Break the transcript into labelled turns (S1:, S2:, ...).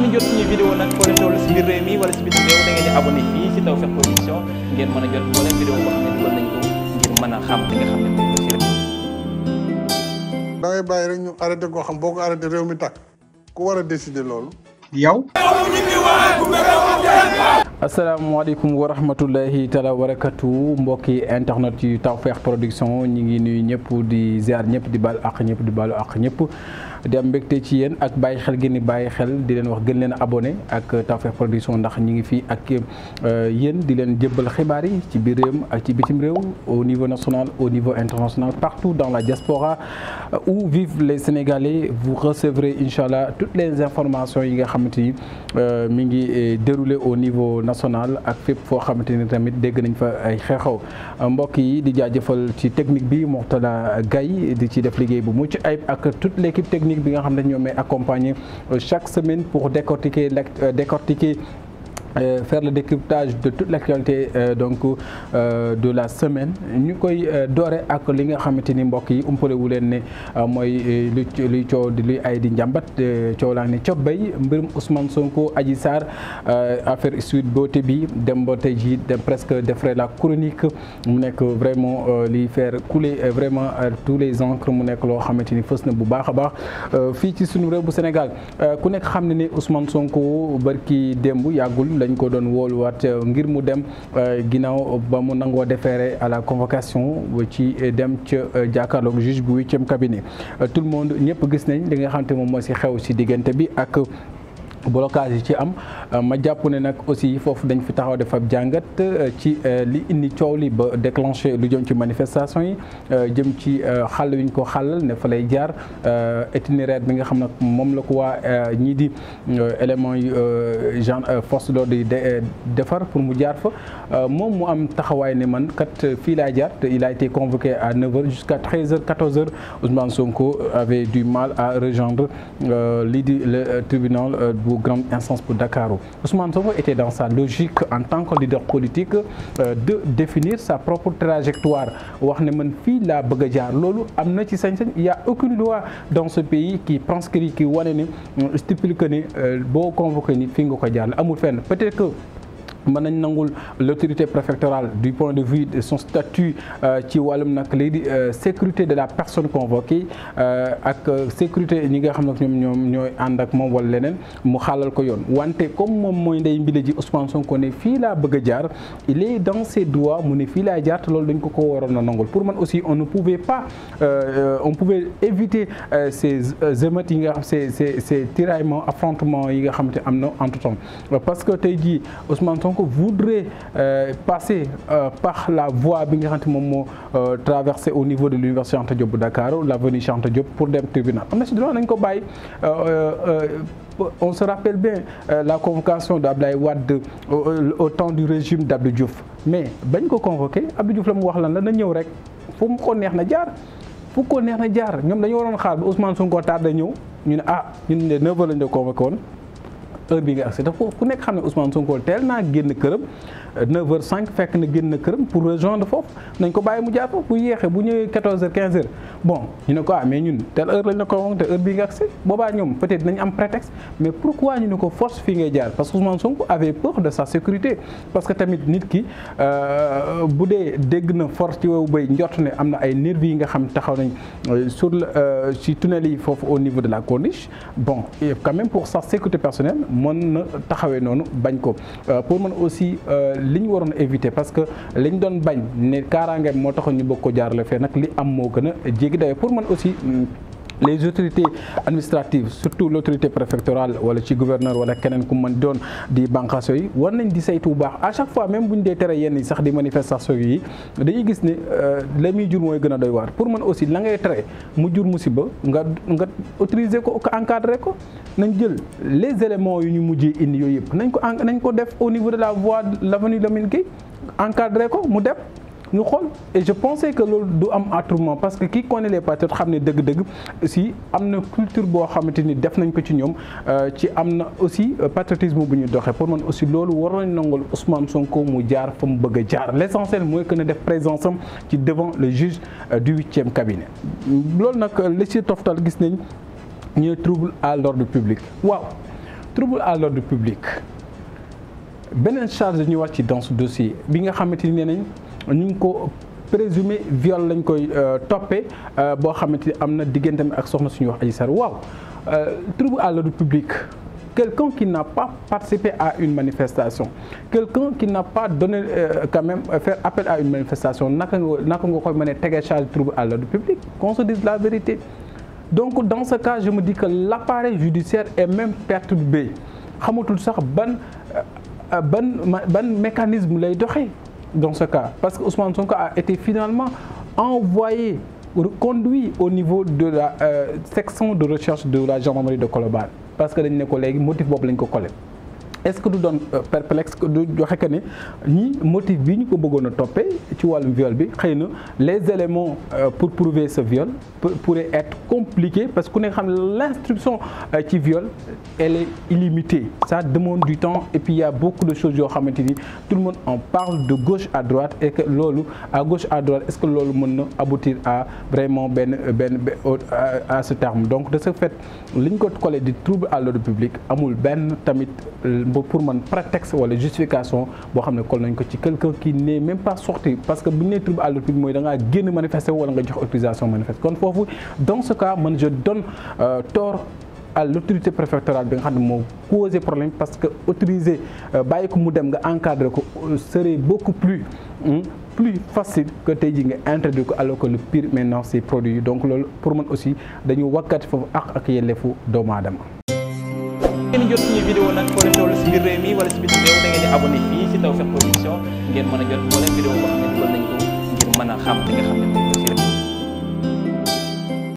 S1: ngeen jot suñu vidéo nag foo leen toll si biir réew mi wala si biti réew da ngeen di abonné fii si Tawfekh Production ngeen mën a jot moo leen vidéo boo xam ne dugal nañ ko ngir mën a xam li nga xam ne moom la rek. da ngay bàyyi rek ñu arrêté koo xam boo ko arrêté réew mi tàkk ku war a décider loolu. yow. asalaamaaleykum wa rahmatullahi taala wa barakatu mbokki internet yu Tawfekh Production ñi ngi nuyu ñëpp di ziar ñëpp di baal àq ñëpp di baalu àq ñëpp di am mbégte ci yéen ak bàyyi xel gi ni bàyyi xel di leen wax gën leen abonné ak Tawfekh Production ndax ñi ngi fii ak euh, yéen di leen jëbbal xibaar yi ci biir réew ak ci bitim réew au niveau national au niveau international partout dans la diaspora euh, où vivent les Sénégalais vous recevrez incha allah toutes les informations yi nga xamante ni euh, mi ngi déroulé au niveau nationale ak fépp foo xamante ni tamit dégg nañ fa ay xeexaw mbokk yi di jaajëfal ci technique bi Mourtala Gaye di ci def liggéey bu mucc ayib ak toute l' équipe technique bi nga xam ne ñoom may accompagner chaque semaine pour décortiquer euh, décortiquer Euh, fair la décryptage de toute l'actualité euh, donc euh, de la semaine ñu koy doore ak li nga xamante ni mbokk yi umpale wu leen ne mooy lu luy coow di luy ay di njàmbat coow laa ne cobbay mbirum Ousmane Sonko Adji Sarr affaire Sweet Beauté bi dem ba tey jii dem presque defray la chronique mu nekk vraiment liy fair couler vraiment tous les encres mu nekk loo xamante ni fës na bu baax a baax fii ci sunu réew bu Sénégal ku nekk xam ne ni Ousmane Sonko barki démb yàggul dañ ko doon wóoluwaat euh, ngir mu dem euh, ginnaaw ba mu nangoo déféré à la convocation ci dem ca euh, jàkkaarloog juge bu huitième cabinet tout le monde ñëpp gis nañ li nga xam moom moo si xew si diggante bi ak blocage yi ci am euh, ma jàpp ne nag aussi foofu dañ fi taxaw def jàngat euh, ci euh, li indi coow li ba déclenché lu jëm ci manifestation yi jëm ci xal wi ko xàllal ne fa lay jaar itinéraire bi nga xam nag moom la ko waa ñii di éléments yi genre force d'ordre yi defar pour mu jaar fa moom mu am taxawaay ne man kat fii laa jaar te il a été à 9h jusqu'à 13h 14h Ousmane Sonko avait du mal à rejoindre lii di le tribunal bu grande instance bu Dakar Ousmane Sonko était dans sa logique en tant que leader politique euh, de définir sa propre trajectoire wax ne man fii laa bëgg a jaar loolu am na ci sañ-sañ il y a aucune loi dans ce pays qui prescrit qui wane ne euh, stipule que ni euh, boo convoqué nit fii nga ko jaar amul fenn peut-être que mën nañ nangul l' autorité préfectorale du point de vue de son statut euh, ci wàllum nag léegi di euh, sécurité de la personne convoquée euh, ak sécurité ñi nga xam ne ñoom ñoom ñooy ànd ak moom wala leneen mu xaalal ko yoon wante comme moom mooy ndey mbile ji Ousmane Sonko ne fii laa bëgg jaar il est dans ses droits mu ne fii laa jaar te loolu dañ ko ko waroon a nangul pour man aussi on ne pouvait pas on pouvait éviter ces émeutes yi nga xam ces ces ces tiraillements affrontements yi nga xam te am na entre Sonko voudrait euh, passer euh, par la voie bi nga xam ne moom moo euh, traversé au niveau de l'université Cheikh Anta bu Dakar l'avenue Cheikh Anta Diop pour dem tribunal am na ci droit nañ ko bàyyi on se rappelle bien la convocation d'Abdoulaye Wade au temps du régime d'Abdou Diouf mais bañ ko convoqué Abdou Diouf la mu wax lan la na ñëw rek fu mu ko neex na jaar fu ko neex na jaar ñoom dañu waroon xaar ba Ousmane Sonko tardé ñëw ñu ne ah ñun ne 9h lañ la heure bi ngay accès te ku nekk xam ne Ousmane Sonko teel naa génn këram 9h05 euh, fekk na génn këram pour rejoindre foofu nañ ko bàyyi mu jaar foofu bu yéexee bu ñëwee 14 bon ñu ne ko ah ñun telle heure lañ la ko waxoon te heure bii nga accès boobaa ñoom peut nañ am prétexte mais pourquoi ñu ne ko force fii ngay jaar parce que Ousmane Sonko avait peur de sa sécurité parce que tamit nit ki euh, bu dee dégg na force ci wowu bay njort ne am na ay nervis yi nga xam taxaw nañ euh, sur ci tunnel yi foofu au niveau de la corniche bon quand même pour mën na taxawee noonu bañ ko euh, pour mën aussi euh, li ñu waroon éviter parce que li ñu doon bañ ne kaaraangeem moo taxoon ñu bokk ko jaarale fee nag li am moo gën a jéggi dayoo pour mën aussi hmm, les autorités administratives surtout l' autorité préfectorale wala ci gouverneur wala keneen ku mën doon di bànqaas yi war nañ di saytu bu baax à chaque fois même bu ñu dee tere yenn yi sax di manifestation yi dañuy gis ne euh, la muy jur mooy gën a doy waar pour man aussi la ngay tere mu jur musiba nga nga autoriser ko encadrer ko nañ jël les éléments yu ñu mujjee indi yooyu yëpp nañ ko nañ ko def au niveau de la voie de l'avenue Lamine Gueye encadrer ko mu def ñu xool et je pensais que loolu du am attroupement parce que qui connaît les patriotes xam ne dëgg-dëgg aussi am na culture boo xamante ni def nañ ko ci ñoom euh, ci am na aussi euh, patriotisme bu ñu doxee pour man aussi loolu war nañ nangal Ousmane Sonko mu jaar fa mu bëgg a jaar l' essentiel mooy que def présence am ci devant le juge euh, du huitième cabinet loolu nag li ci toftal gis nañ ñu trouble à l'ordre public waaw trouble à l'ordre public beneen charge ñu wax ci dans ce dossier bi nga xamante ni nee nañ ñu ngi ko présumé viol lañ koy euh, toppee euh, boo xamante ni am na digganteem ak soxna suñu wax Adji Sarr waaw euh, trouble à l'ordre public quelqu'un qui n'a pas participé à une manifestation quelqu'un qui n'a pas donné euh, quand même faire appel à une manifestation naka nga naka nga koy mën a tege charge trouble à l'ordre public qu'on se dise la vérité donc dans ce cas je me dis que l'appareil judiciaire est même perturbé xamatul sax ban ban ban mécanisme lay doxee dans ce cas Parce que Ousmane Sonko a été finalement envoyé, conduit au niveau de la euh, section de recherche de la gendarmerie de Colobane. Parce que les collègues, motif Bob Linko collègue. est-ce que du doon euh, perplexe du joxe que ne ñi motif bi ñu ko bëggoon a toppee ci wàllum viol bi xëy na les éléments euh, pour prouver ce viol pourraient être compliqués parce que ku ne xam ne l'instruction euh, ci viol elle est illimitée ça demande du temps et puis il y beaucoup de choses yoo xamante ni tout le monde en parle de gauche à droite et que loolu à à droite est-ce que loolu mën na aboutir à vraiment benn benn à ce terme donc de ce fait li ñu ko collé di trouble à l'ordre public amul benn tamit pour man prétexte wala justification boo xam ne kol nañ ko ci quelqu'un qui n'est même pas sorti parce que bu ñu nee trouble à l'ordre public mooy da ngaa génn manifester wala nga jox autorisation manifester kon foofu dans ce cas man je donne euh, tort préfectorale bi nga xam ne moo causé problème parce que autoriser euh, bàyyi ko mu dem nga encadrer ko euh, serait beaucoup plus hmm, plus facile que tey jii nga introduire ko alors que le pire maintenant c'est produit donc loolu pour man aussi dañu wakkat foofu ak ak yelleefu doomu aadama ngeen jot suñu vidéo nag foo leen toll si biir réew mi si bitim réew da ngeen di abonné fii si Tawfekh Production ngeen mën a jot moo leen vidéo boo ko ngir mën a xam li nga xam